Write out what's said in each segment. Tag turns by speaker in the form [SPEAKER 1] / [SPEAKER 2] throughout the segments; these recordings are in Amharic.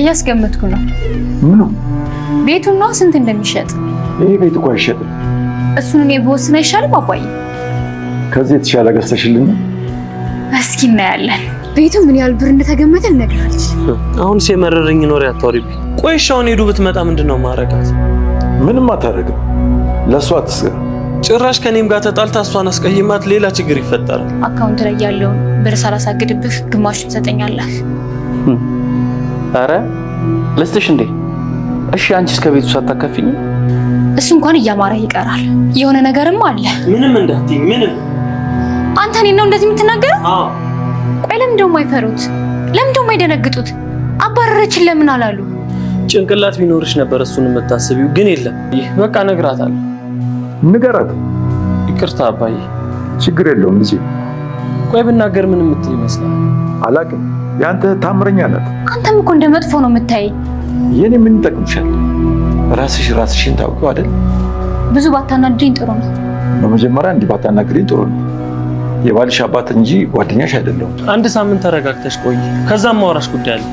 [SPEAKER 1] እያስገመትኩ ነው። ምኑ? ነው? ስንት እንደሚሸጥ።
[SPEAKER 2] ይህ ቤት እኮ አይሸጥም።
[SPEAKER 1] እሱን እኔ በወስን አይሻልም? አባዬ
[SPEAKER 2] ከዚህ የተሻለ ገዝተሽልን።
[SPEAKER 1] እስኪ እናያለን። ቤቱ ምን ያህል ብር እንደተገመተ ልነግራለች።
[SPEAKER 3] አሁንስ የመረረኝ ኖር አታወሪብኝ። ቆይ እሺ፣ አሁን ሄዱ ብትመጣ ምንድን ነው ማረጋት?
[SPEAKER 2] ምንም አታደርግም። ለእሷ አትስገር።
[SPEAKER 3] ጭራሽ ከኔም ጋር ተጣልታ እሷን አስቀይማት ሌላ ችግር ይፈጠራል።
[SPEAKER 1] አካውንት ላይ ያለውን ብር ሳላሳግድብህ ግማሹን ትሰጠኛለህ።
[SPEAKER 2] አረ
[SPEAKER 3] ልስትሽ እንዴ? እሺ አንቺ እስከ ቤቱ ሳታከፊኝ
[SPEAKER 1] እሱ እንኳን እያማረ ይቀራል። የሆነ ነገርም አለ።
[SPEAKER 3] ምንም እንዳትይ ምንም።
[SPEAKER 1] አንተ እኔን ነው እንደዚህ የምትናገረው? አዎ። ቆይ ለምን ደሞ አይፈሩት? ለምን ደሞ አይደነግጡት? አባረረችን ለምን አላሉ?
[SPEAKER 3] ጭንቅላት ቢኖርሽ ነበር እሱን የምታስቢው፣ ግን የለም። ይህ በቃ ነግራታለሁ። ንገራት። ይቅርታ አባዬ።
[SPEAKER 2] ችግር የለውም እዚህ
[SPEAKER 3] ቆይ ብናገር ምን የምትል ይመስላል?
[SPEAKER 2] አላቅም። የአንተ ታምረኛ ናት።
[SPEAKER 1] አንተም እኮ እንደ መጥፎ ነው የምታይ።
[SPEAKER 2] የኔ ምን ይጠቅምሻል? ራስሽ ራስሽን ታውቂው አይደል?
[SPEAKER 1] ብዙ ባታናድኝ ጥሩ ነው።
[SPEAKER 2] በመጀመሪያ እንዲህ ባታናግሪኝ ጥሩ ነው። የባልሽ አባት እንጂ ጓደኛሽ አይደለሁም።
[SPEAKER 3] አንድ ሳምንት ተረጋግተሽ ቆይ፣ ከዛም ማውራሽ ጉዳይ አለ።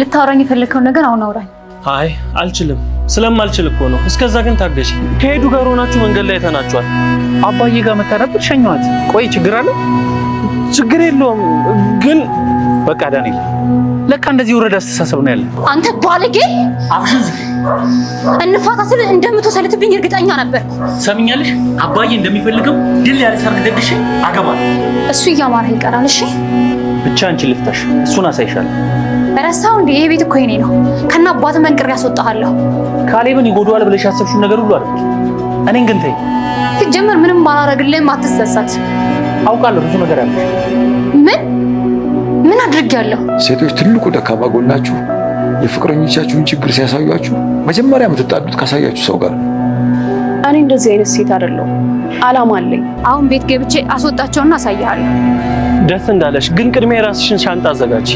[SPEAKER 1] ልታወራኝ የፈለግከው ነገር አሁን አውራኝ።
[SPEAKER 3] አይ አልችልም። ስለማልችል እኮ ነው። እስከዛ ግን ታገሽ። ከሄዱ ጋር ሆናችሁ መንገድ ላይ ተናችኋል። አባዬ ጋር መታ ነበር ሸኘኋት። ቆይ ችግር አለ ችግር የለውም ግን በቃ ዳንኤል፣ ለካ እንደዚህ ወረዳ አስተሳሰብ ነው ያለ።
[SPEAKER 1] አንተ ባለጌ እንፋታ ስል እንደምትወሰልትብኝ እርግጠኛ ነበር።
[SPEAKER 3] ሰምኛለሽ፣ አባዬ እንደሚፈልገው ድል ያለ ሰርግ ደግሽ አገባል።
[SPEAKER 1] እሱ እያማረህ ይቀራል። እሺ
[SPEAKER 3] ብቻ አንቺ ልፍታሽ፣ እሱን አሳይሻለሁ።
[SPEAKER 1] ረሳው እንዴ? ይሄ ቤት እኮ የኔ ነው። ከና አባት መንቅር ያስወጣሃለሁ።
[SPEAKER 3] ካሌብን ይጎዳዋል ብለሽ ያሰብሽውን ነገር ሁሉ አድርጊ። እኔን ግን ተይ።
[SPEAKER 1] ስትጀምር ምንም አላረግልህም፣ አትሰሳት
[SPEAKER 3] አውቃለሁ ብዙ ነገር ያለሽ።
[SPEAKER 1] ምን ምን አድርጌያለሁ?
[SPEAKER 2] ሴቶች ትልቁ ደካማ ጎናችሁ የፍቅረኞቻችሁን ችግር ሲያሳያችሁ መጀመሪያ የምትጣዱት ካሳያችሁ ሰው ጋር።
[SPEAKER 1] እኔ እንደዚህ አይነት ሴት አይደለሁም። አላማ አለኝ። አሁን ቤት ገብቼ አስወጣቸውና አሳያለሁ።
[SPEAKER 3] ደስ እንዳለሽ ግን ቅድሚያ የራስሽን ሻንጣ አዘጋጅ።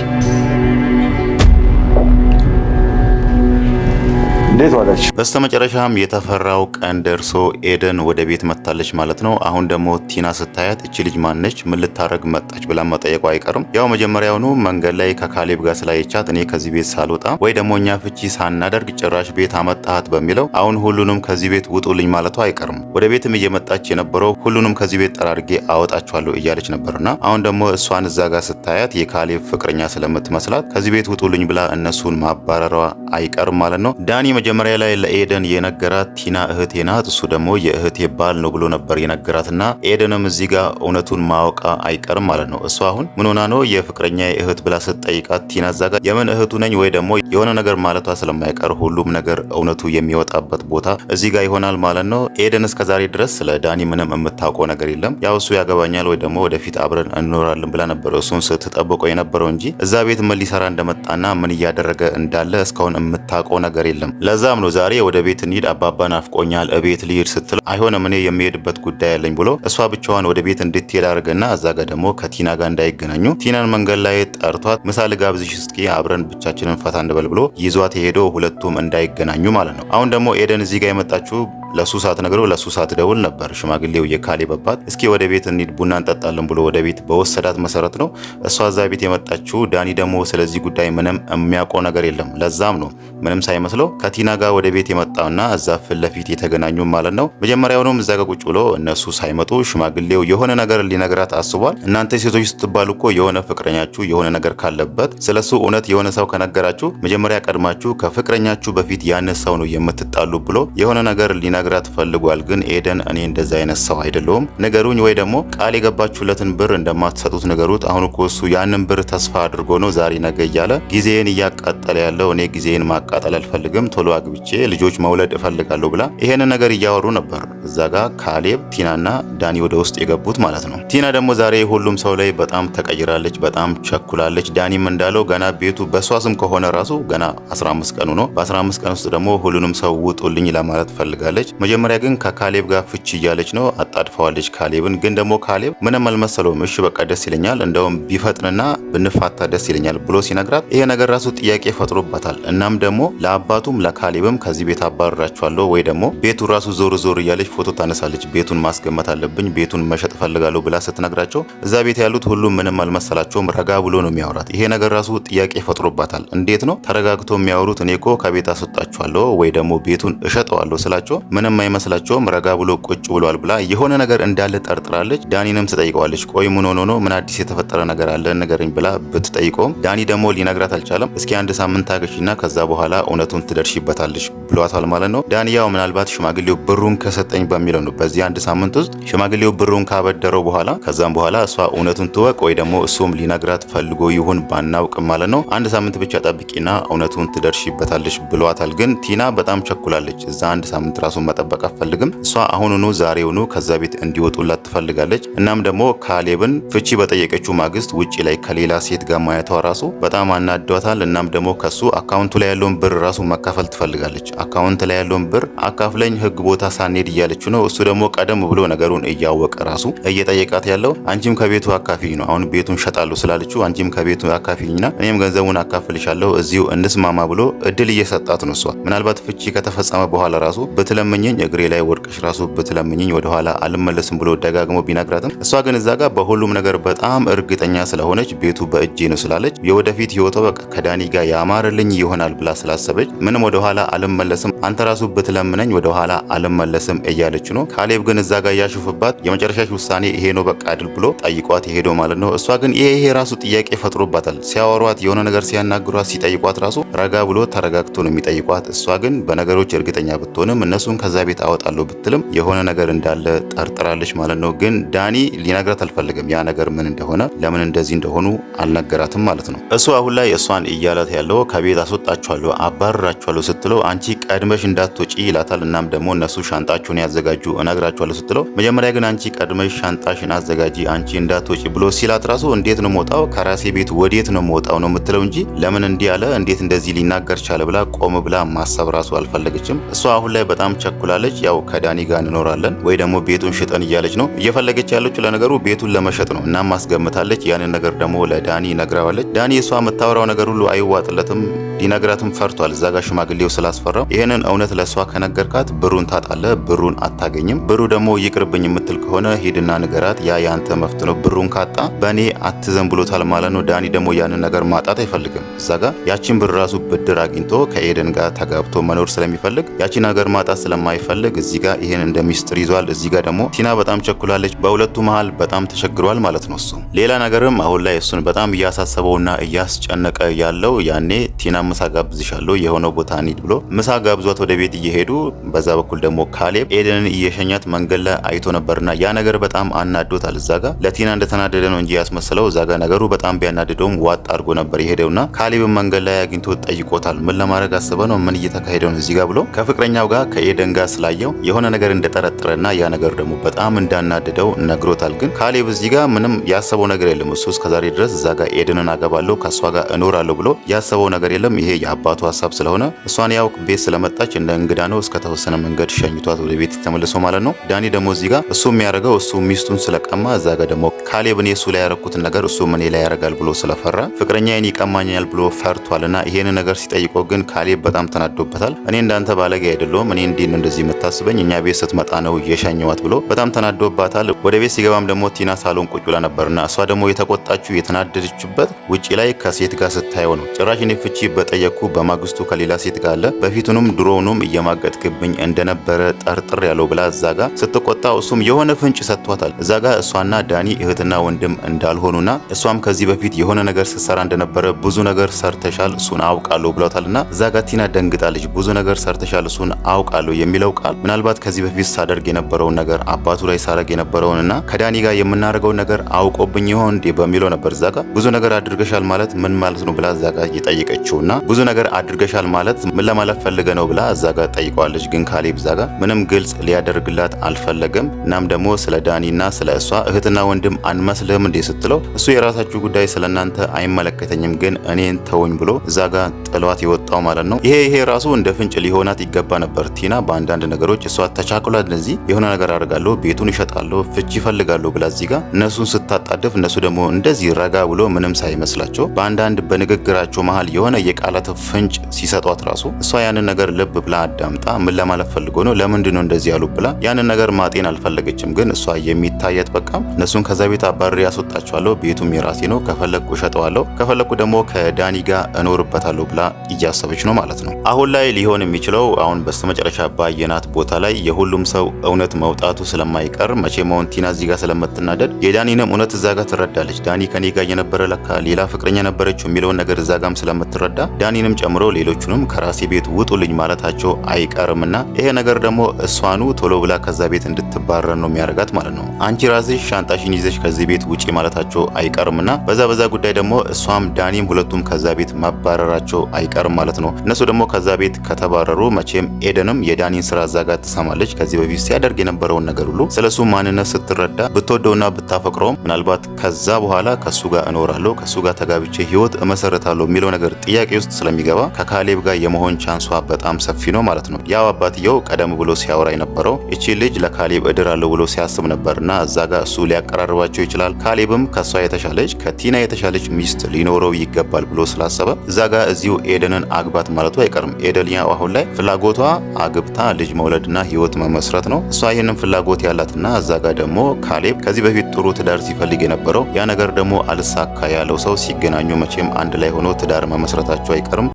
[SPEAKER 2] እንዴት ዋላችሁ።
[SPEAKER 4] በስተመጨረሻም የተፈራው ቀን ደርሶ ኤደን ወደ ቤት መጥታለች ማለት ነው። አሁን ደግሞ ቲና ስታያት እች ልጅ ማነች? ምን ልታረግ መጣች ብላ መጠየቁ አይቀርም። ያው መጀመሪያውኑ መንገድ ላይ ከካሌብ ጋር ስላየቻት እኔ ከዚህ ቤት ሳልወጣ ወይ ደግሞ እኛ ፍቺ ሳናደርግ ጭራሽ ቤት አመጣሃት በሚለው አሁን ሁሉንም ከዚህ ቤት ውጡልኝ ማለቷ አይቀርም። ወደ ቤትም እየመጣች የነበረው ሁሉንም ከዚህ ቤት ጠራርጌ አወጣችኋለሁ እያለች ነበርና አሁን ደግሞ እሷን እዛ ጋር ስታያት የካሌብ ፍቅረኛ ስለምትመስላት ከዚህ ቤት ውጡልኝ ብላ እነሱን ማባረሯ አይቀርም ማለት ነው። ዳኒ መጀመሪያ ላይ ለኤደን የነገራት ቲና እህቴ ናት፣ እሱ ደግሞ የእህቴ ባል ነው ብሎ ነበር የነገራትና ኤደንም እዚህ ጋር እውነቱን ማወቃ አይቀርም ማለት ነው። እሱ አሁን ምን ሆና ነው የፍቅረኛ እህት ብላ ስትጠይቃት ቲና እዛ ጋር የምን እህቱ ነኝ ወይ ደግሞ የሆነ ነገር ማለቷ ስለማይቀር ሁሉም ነገር እውነቱ የሚወጣበት ቦታ እዚህ ጋር ይሆናል ማለት ነው። ኤደን እስከ ዛሬ ድረስ ስለ ዳኒ ምንም የምታውቀው ነገር የለም። ያው እሱ ያገባኛል ወይ ደግሞ ወደፊት አብረን እንኖራለን ብላ ነበር እሱን ስትጠብቀው የነበረው እንጂ እዛ ቤት ምን ሊሰራ እንደመጣና ምን እያደረገ እንዳለ እስካሁን የምታውቀው ነገር የለም። ከዛም ነው ዛሬ ወደ ቤት እንሂድ አባባ ናፍቆኛል እቤት ልሂድ ስትል አይሆንም እኔ የሚሄድበት ጉዳይ አለኝ ብሎ እሷ ብቻዋን ወደ ቤት እንድትሄድ አድርገና እዛ ጋር ደግሞ ከቲና ጋር እንዳይገናኙ ቲናን መንገድ ላይ ጠርቷት ምሳ ልጋብዝሽ እስኪ አብረን ብቻችንን ፈታ እንበል ብሎ ይዟት የሄደው ሁለቱም እንዳይገናኙ ማለት ነው። አሁን ደግሞ ኤደን እዚህ ጋር የመጣችው ለሱ ሳትነግረው ለሱ ደውል ነበር ሽማግሌው የካሌብ አባት እስኪ ወደ ቤት እንሂድ ቡና እንጠጣለን ብሎ ወደ ቤት በወሰዳት መሰረት ነው እሷ እዛ ቤት የመጣችው። ዳኒ ደግሞ ስለዚህ ጉዳይ ምንም የሚያውቀው ነገር የለም። ለዛም ነው ምንም ሳይመስለው ከቲና ጋር ወደ ቤት የመጣውና እዛ ፊት ለፊት የተገናኙ ማለት ነው። መጀመሪያውኑም እዛ ጋር ቁጭ ብሎ እነሱ ሳይመጡ ሽማግሌው የሆነ ነገር ሊነግራት አስቧል። እናንተ ሴቶች ስትባሉ እኮ የሆነ ፍቅረኛችሁ የሆነ ነገር ካለበት ስለሱ እውነት የሆነ ሰው ከነገራችሁ መጀመሪያ ቀድማችሁ ከፍቅረኛችሁ በፊት ያንን ሰው ነው የምትጣሉ ብሎ የሆነ ነገር ሊነ ሊነግራት ፈልጓል። ግን ኤደን እኔ እንደዚ አይነት ሰው አይደለሁም ንገሩኝ፣ ወይ ደግሞ ቃል የገባችሁለትን ብር እንደማትሰጡት ንገሩት። አሁን እኮ እሱ ያንን ብር ተስፋ አድርጎ ነው ዛሬ ነገ እያለ ጊዜን እያቃጠለ ያለው። እኔ ጊዜን ማቃጠል አልፈልግም፣ ቶሎ አግብቼ ልጆች መውለድ እፈልጋለሁ ብላ ይሄንን ነገር እያወሩ ነበር። እዛ ጋር ካሌብ ቲናና ዳኒ ወደ ውስጥ የገቡት ማለት ነው። ቲና ደግሞ ዛሬ ሁሉም ሰው ላይ በጣም ተቀይራለች፣ በጣም ቸኩላለች። ዳኒም እንዳለው ገና ቤቱ በእሷ ስም ከሆነ ራሱ ገና 15 ቀኑ ነው። በ15 ቀን ውስጥ ደግሞ ሁሉንም ሰው ውጡልኝ ለማለት ፈልጋለች። ትችላለች። መጀመሪያ ግን ከካሌብ ጋር ፍቺ እያለች ነው፣ አጣድፈዋለች ካሌብን። ግን ደግሞ ካሌብ ምንም አልመሰለውም። እሺ በቃ ደስ ይለኛል፣ እንደውም ቢፈጥንና ብንፋታ ደስ ይለኛል ብሎ ሲነግራት ይሄ ነገር ራሱ ጥያቄ ፈጥሮባታል። እናም ደግሞ ለአባቱም ለካሌብም ከዚህ ቤት አባረራችኋለሁ ወይ ደግሞ ቤቱ ራሱ ዞር ዞር እያለች ፎቶ ታነሳለች። ቤቱን ማስገመት አለብኝ፣ ቤቱን መሸጥ ፈልጋለሁ ብላ ስትነግራቸው እዛ ቤት ያሉት ሁሉም ምንም አልመሰላቸውም። ረጋ ብሎ ነው የሚያወራት። ይሄ ነገር ራሱ ጥያቄ ፈጥሮባታል። እንዴት ነው ተረጋግቶ የሚያወሩት? እኔ እኮ ከቤት አስወጣቸዋለሁ ወይ ደግሞ ቤቱን እሸጠዋለሁ ስላቸው ምንም አይመስላቸውም። ረጋ ብሎ ቁጭ ብሏል ብላ የሆነ ነገር እንዳለ ጠርጥራለች። ዳኒንም ትጠይቀዋለች። ቆይ ምን ሆኖ ነው? ምን አዲስ የተፈጠረ ነገር አለ? ንገረኝ ብላ ብትጠይቀውም ዳኒ ደግሞ ሊነግራት አልቻለም። እስኪ አንድ ሳምንት ታገሽና ከዛ በኋላ እውነቱን ትደርሽበታለች ብሏታል ማለት ነው። ዳኒ ያው ምናልባት ሽማግሌው ብሩን ከሰጠኝ በሚለው ነው። በዚህ አንድ ሳምንት ውስጥ ሽማግሌው ብሩን ካበደረው በኋላ ከዛም በኋላ እሷ እውነቱን ትወቅ ወይ ደግሞ እሱም ሊነግራት ፈልጎ ይሁን ባናውቅም ማለት ነው። አንድ ሳምንት ብቻ ጠብቂና እውነቱን ትደርሽበታለች ብሏታል። ግን ቲና በጣም ቸኩላለች። እዛ አንድ ሳምንት ራሱ መጠበቅ አትፈልግም። እሷ አሁኑኑ ዛሬውኑ ከዛ ቤት እንዲወጡላት ትፈልጋለች። እናም ደግሞ ካሌብን ፍቺ በጠየቀችው ማግስት ውጪ ላይ ከሌላ ሴት ጋር ማየቷ ራሱ በጣም አናዷታል። እናም ደግሞ ከሱ አካውንቱ ላይ ያለውን ብር ራሱ መካፈል ትፈልጋለች። አካውንት ላይ ያለውን ብር አካፍለኝ ህግ ቦታ ሳንሄድ እያለች ነው። እሱ ደግሞ ቀደም ብሎ ነገሩን እያወቀ ራሱ እየጠየቃት ያለው አንቺም ከቤቱ አካፊኝ ነው። አሁን ቤቱን ሸጣሉ ስላለችው አንቺም ከቤቱ አካፊኝና እኔም ገንዘቡን አካፍልሻለሁ እዚሁ እንስማማ ብሎ እድል እየሰጣት ነው። እሷ ምናልባት ፍቺ ከተፈጸመ በኋላ ራሱ ብትለምኝ ብትለምኝኝ እግሬ ላይ ወድቀሽ ራሱ ብትለምኝኝ ወደኋላ አልመለስም ብሎ ደጋግሞ ቢነግራትም እሷ ግን እዛ ጋር በሁሉም ነገር በጣም እርግጠኛ ስለሆነች ቤቱ በእጄ ነው ስላለች የወደፊት ህይወቷ በቃ ከዳኒ ጋር ያማርልኝ ይሆናል ብላ ስላሰበች ምንም ወደኋላ አልመለስም አንተ ራሱ ብትለምነኝ ወደኋላ አልመለስም እያለች ነው። ካሌብ ግን እዛ ጋር እያሹፍባት የመጨረሻሽ ውሳኔ ይሄ ነው በቃ አድል ብሎ ጠይቋት የሄደው ማለት ነው። እሷ ግን ይሄ ይሄ ራሱ ጥያቄ ፈጥሮባታል። ሲያወሯት የሆነ ነገር ሲያናግሯት ሲጠይቋት ራሱ ረጋ ብሎ ተረጋግቶ ነው የሚጠይቋት። እሷ ግን በነገሮች እርግጠኛ ብትሆንም እነሱን ከዛ ቤት አወጣለሁ ብትልም የሆነ ነገር እንዳለ ጠርጥራለች ማለት ነው። ግን ዳኒ ሊነግራት አልፈልግም። ያ ነገር ምን እንደሆነ ለምን እንደዚህ እንደሆኑ አልነገራትም ማለት ነው። እሱ አሁን ላይ እሷን እያላት ያለው ከቤት አስወጣችኋለሁ፣ አባረራችኋለሁ ስትለው አንቺ ቀድመሽ እንዳትወጪ ይላታል። እናም ደግሞ እነሱ ሻንጣችሁን ያዘጋጁ እነግራችኋለሁ ስትለው መጀመሪያ ግን አንቺ ቀድመሽ ሻንጣሽን አዘጋጂ አንቺ እንዳትወጪ ብሎ ሲላት ራሱ እንዴት ነው መውጣው ከራሴ ቤት ወዴት ነው መውጣው ነው የምትለው እንጂ ለምን እንዲህ አለ እንዴት እንደዚህ ሊናገር ቻለ ብላ ቆም ብላ ማሰብ ራሱ አልፈለገችም። እሷ አሁን ላይ በጣም ቸኩላለች። ያው ከዳኒ ጋር እንኖራለን ወይ ደግሞ ቤቱን ሽጠን እያለች ነው እየፈለገች ያለችው። ለነገሩ ቤቱን ለመሸጥ ነው እና አስገምታለች ያንን ነገር ደግሞ ለዳኒ ነግራዋለች። ዳኒ እሷ የምታወራው ነገር ሁሉ አይዋጥለትም። ሊነግራትም ፈርቷል። እዛ ጋር ሽማግሌው ስላስፈራው ይህንን እውነት ለእሷ ከነገርካት ብሩን ታጣለ፣ ብሩን አታገኝም። ብሩ ደግሞ ይቅርብኝ የምትል ከሆነ ሂድና ንገራት፣ ያ ያንተ መፍት ነው። ብሩን ካጣ በእኔ አትዘን ብሎታል ማለት ነው። ዳኒ ደግሞ ያንን ነገር ማጣት አይፈልግም። እዛ ጋር ያቺን ብር ራሱ ብድር አግኝቶ ከኤደን ጋር ተጋብቶ መኖር ስለሚፈልግ ያቺን ነገር ማጣት ስለማይፈልግ እዚህ ጋር ይህን እንደ ሚስጥር ይዟል። እዚህ ጋር ደግሞ ቲና በጣም ቸኩላለች። በሁለቱ መሀል በጣም ተቸግሯል ማለት ነው። እሱ ሌላ ነገርም አሁን ላይ እሱን በጣም እያሳሰበውና እያስጨነቀ ያለው ያኔ ቲና ምሳ ጋብዝሻለሁ የሆነ ቦታ እንሂድ ብሎ ምሳ ጋብዟት ወደ ቤት እየሄዱ በዛ በኩል ደግሞ ካሌብ ኤደንን እየሸኛት መንገድ ላይ አይቶ ነበርና ያ ነገር በጣም አናዶታል። እዛ ጋ ለቲና እንደተናደደ ነው እንጂ ያስመሰለው እዛ ጋ ነገሩ በጣም ቢያናድደውም ዋጥ አድርጎ ነበር የሄደውና ካሌብን መንገድ ላይ አግኝቶ ጠይቆታል። ምን ለማድረግ አስበ ነው ምን እየተካሄደ ነው እዚህ ጋ ብሎ ከፍቅረኛው ጋር ከኤደን ጋር ስላየው የሆነ ነገር እንደጠረጠረና ያ ነገር ደግሞ በጣም እንዳናደደው ነግሮታል። ግን ካሌብ እዚህ ጋ ምንም ያሰበው ነገር የለም። እሱ እስከዛሬ ድረስ እዛ ጋ ኤደንን አገባለሁ ከእሷ ጋር እኖራለሁ ብሎ ያሰበው ነገር የለም። ይሄ የአባቱ ሀሳብ ስለሆነ እሷን ያው ቤት ስለመጣች እንደ እንግዳ ነው እስከተወሰነ መንገድ ሸኝቷት ወደ ቤት ተመልሶ ማለት ነው። ዳኒ ደግሞ እዚህ ጋር እሱ የሚያደርገው እሱ ሚስቱን ስለቀማ እዛ ጋር ደግሞ ካሌብ እኔ እሱ ላይ ያደረግኩትን ነገር እሱ እኔ ላይ ያደርጋል ብሎ ስለፈራ ፍቅረኛዬን ይቀማኛል ብሎ ፈርቷልና ይሄን ነገር ሲጠይቀው ግን ካሌብ በጣም ተናዶበታል። እኔ እንዳንተ ባለጌ አይደለሁም እኔ እንዲህ እንደዚህ የምታስበኝ እኛ ቤት ስትመጣ ነው የሸኘዋት ብሎ በጣም ተናዶባታል። ወደ ቤት ሲገባም ደግሞ ቲና ሳሎን ቁጭ ብላ ነበርና እሷ ደግሞ የተቆጣችው የተናደደችበት ውጭ ላይ ከሴት ጋር ስታየው ነው ጭራሽ እኔ ፍቺ በጠየቅኩ በማግስቱ ከሌላ ሴት ጋር አለ በፊቱንም ድሮውኑም እየማገጥክብኝ እንደነበረ ጠርጥር ያለው ብላ እዛ ጋ ስትቆጣ እሱም የሆነ ፍንጭ ሰጥቷታል። እዛ ጋ እሷና ዳኒ እህትና ወንድም እንዳልሆኑና እሷም ከዚህ በፊት የሆነ ነገር ስትሰራ እንደነበረ ብዙ ነገር ሰርተሻል እሱን አውቃለሁ ብለታልና እዛ ጋ ቲና ደንግጣለች። ብዙ ነገር ሰርተሻል እሱን አውቃለሁ የሚለው ቃል ምናልባት ከዚህ በፊት ሳደርግ የነበረውን ነገር አባቱ ላይ ሳደርግ የነበረውንና ከዳኒ ጋር የምናደርገው ነገር አውቆብኝ ይሆን እንዴ በሚለው ነበር። እዛ ጋ ብዙ ነገር አድርገሻል ማለት ምን ማለት ነው ብላ እዛ ጋ የጠየቀችውና እና ብዙ ነገር አድርገሻል ማለት ምን ለማለት ፈልገ ነው ብላ እዛ ጋር ጠይቀዋለች። ግን ካሌብ እዛ ጋር ምንም ግልጽ ሊያደርግላት አልፈለገም። እናም ደግሞ ስለ ዳኒና ስለ እሷ እህትና ወንድም አንመስልህም እንዴ ስትለው እሱ የራሳችሁ ጉዳይ ስለ እናንተ አይመለከተኝም፣ ግን እኔን ተወኝ ብሎ እዛ ጋር ጥሏት የወጣው ማለት ነው። ይሄ ይሄ ራሱ እንደ ፍንጭ ሊሆናት ይገባ ነበር። ቲና በአንዳንድ ነገሮች እሷ ተቻክሏት እንደዚህ የሆነ ነገር አድርጋለሁ፣ ቤቱን ይሸጣለሁ፣ ፍቺ ይፈልጋለሁ ብላ እዚህ ጋር እነሱን ስታጣድፍ እነሱ ደግሞ እንደዚህ ረጋ ብሎ ምንም ሳይመስላቸው በአንዳንድ በንግግራቸው መሀል የሆነ የቃላት ፍንጭ ሲሰጧት ራሱ እሷ ያንን ነገር ልብ ብላ አዳምጣ ምን ለማለት ፈልጎ ነው ለምንድን ነው እንደዚህ ያሉ ብላ ያንን ነገር ማጤን አልፈለገችም። ግን እሷ የሚታየት በቃ እነሱን ከዛ ቤት አባሪ ያስወጣቸዋለሁ፣ ቤቱም የራሴ ነው፣ ከፈለግኩ እሸጠዋለሁ፣ ከፈለግኩ ደግሞ ከዳኒ ጋር እኖርበታለሁ ብላ እያሰበች ነው ማለት ነው። አሁን ላይ ሊሆን የሚችለው አሁን በስተመጨረሻ ባየናት ቦታ ላይ የሁሉም ሰው እውነት መውጣቱ ስለማይቀር መቼ አሁን ቲና እዚህ ጋር ስለምትናደድ የዳኒንም እውነት እዛ ጋር ትረዳለች። ዳኒ ከኔ ጋር የነበረ ለካ ሌላ ፍቅረኛ ነበረችው የሚለውን ነገር እዛ ጋም ስለምትረዳ ዳኒንም ጨምሮ ሌሎቹንም ከራሴ ቤት ውጡልኝ ማለታቸው አይቀርምና ይሄ ነገር ደግሞ እሷኑ ቶሎ ብላ ከዛ ቤት እንድትባረር ነው የሚያደርጋት ማለት ነው። አንቺ ራስሽ ሻንጣሽን ይዘሽ ከዚህ ቤት ውጪ ማለታቸው አይቀርምና በዛ በዛ ጉዳይ ደግሞ እሷም ዳኒም ሁለቱም ከዛ ቤት መባረራቸው አይቀርም ማለት ነው። እነሱ ደግሞ ከዛ ቤት ከተባረሩ መቼም ኤደንም የዳኒን ስራ ዛጋ ትሰማለች። ከዚህ በፊት ሲያደርግ የነበረውን ነገር ሁሉ ስለሱ ማንነት ስትረዳ ብትወደውና ብታፈቅረውም ምናልባት ከዛ በኋላ ከሱ ጋር እኖራለሁ ከሱ ጋር ተጋብቼ ህይወት እመሰረታለሁ የሚለው ነገር ጥያቄ ውስጥ ስለሚገባ ከካሌብ ጋር የመሆን ቻንሷ በጣም ሰፊ ነው ማለት ነው። ያው አባትየው ቀደም ብሎ ሲያወራ የነበረው እቺ ልጅ ለካሌብ እድር አለው ብሎ ሲያስብ እና እዛ ጋር እሱ ሊያቀራርባቸው ይችላል። ካሌብም ከሷ የተሻለች ከቲና የተሻለች ሚስት ሊኖረው ይገባል ብሎ ስላሰበ እዛ ጋር እዚሁ ኤደንን አግባት ማለቱ አይቀርም። ኤደን ያው አሁን ላይ ፍላጎቷ አግብታ ልጅ መውለድና ህይወት መመስረት ነው። እሷ ይህንን ፍላጎት ያላትና እዛ ጋር ደግሞ ካሌብ ከዚህ በፊት ጥሩ ትዳር ሲፈልግ የነበረው ያ ነገር ደግሞ አልሳካ ያለው ሰው ሲገናኙ መቼም አንድ ላይ ሆኖ ትዳር መመስረታቸው መውጣቱ አይቀርም።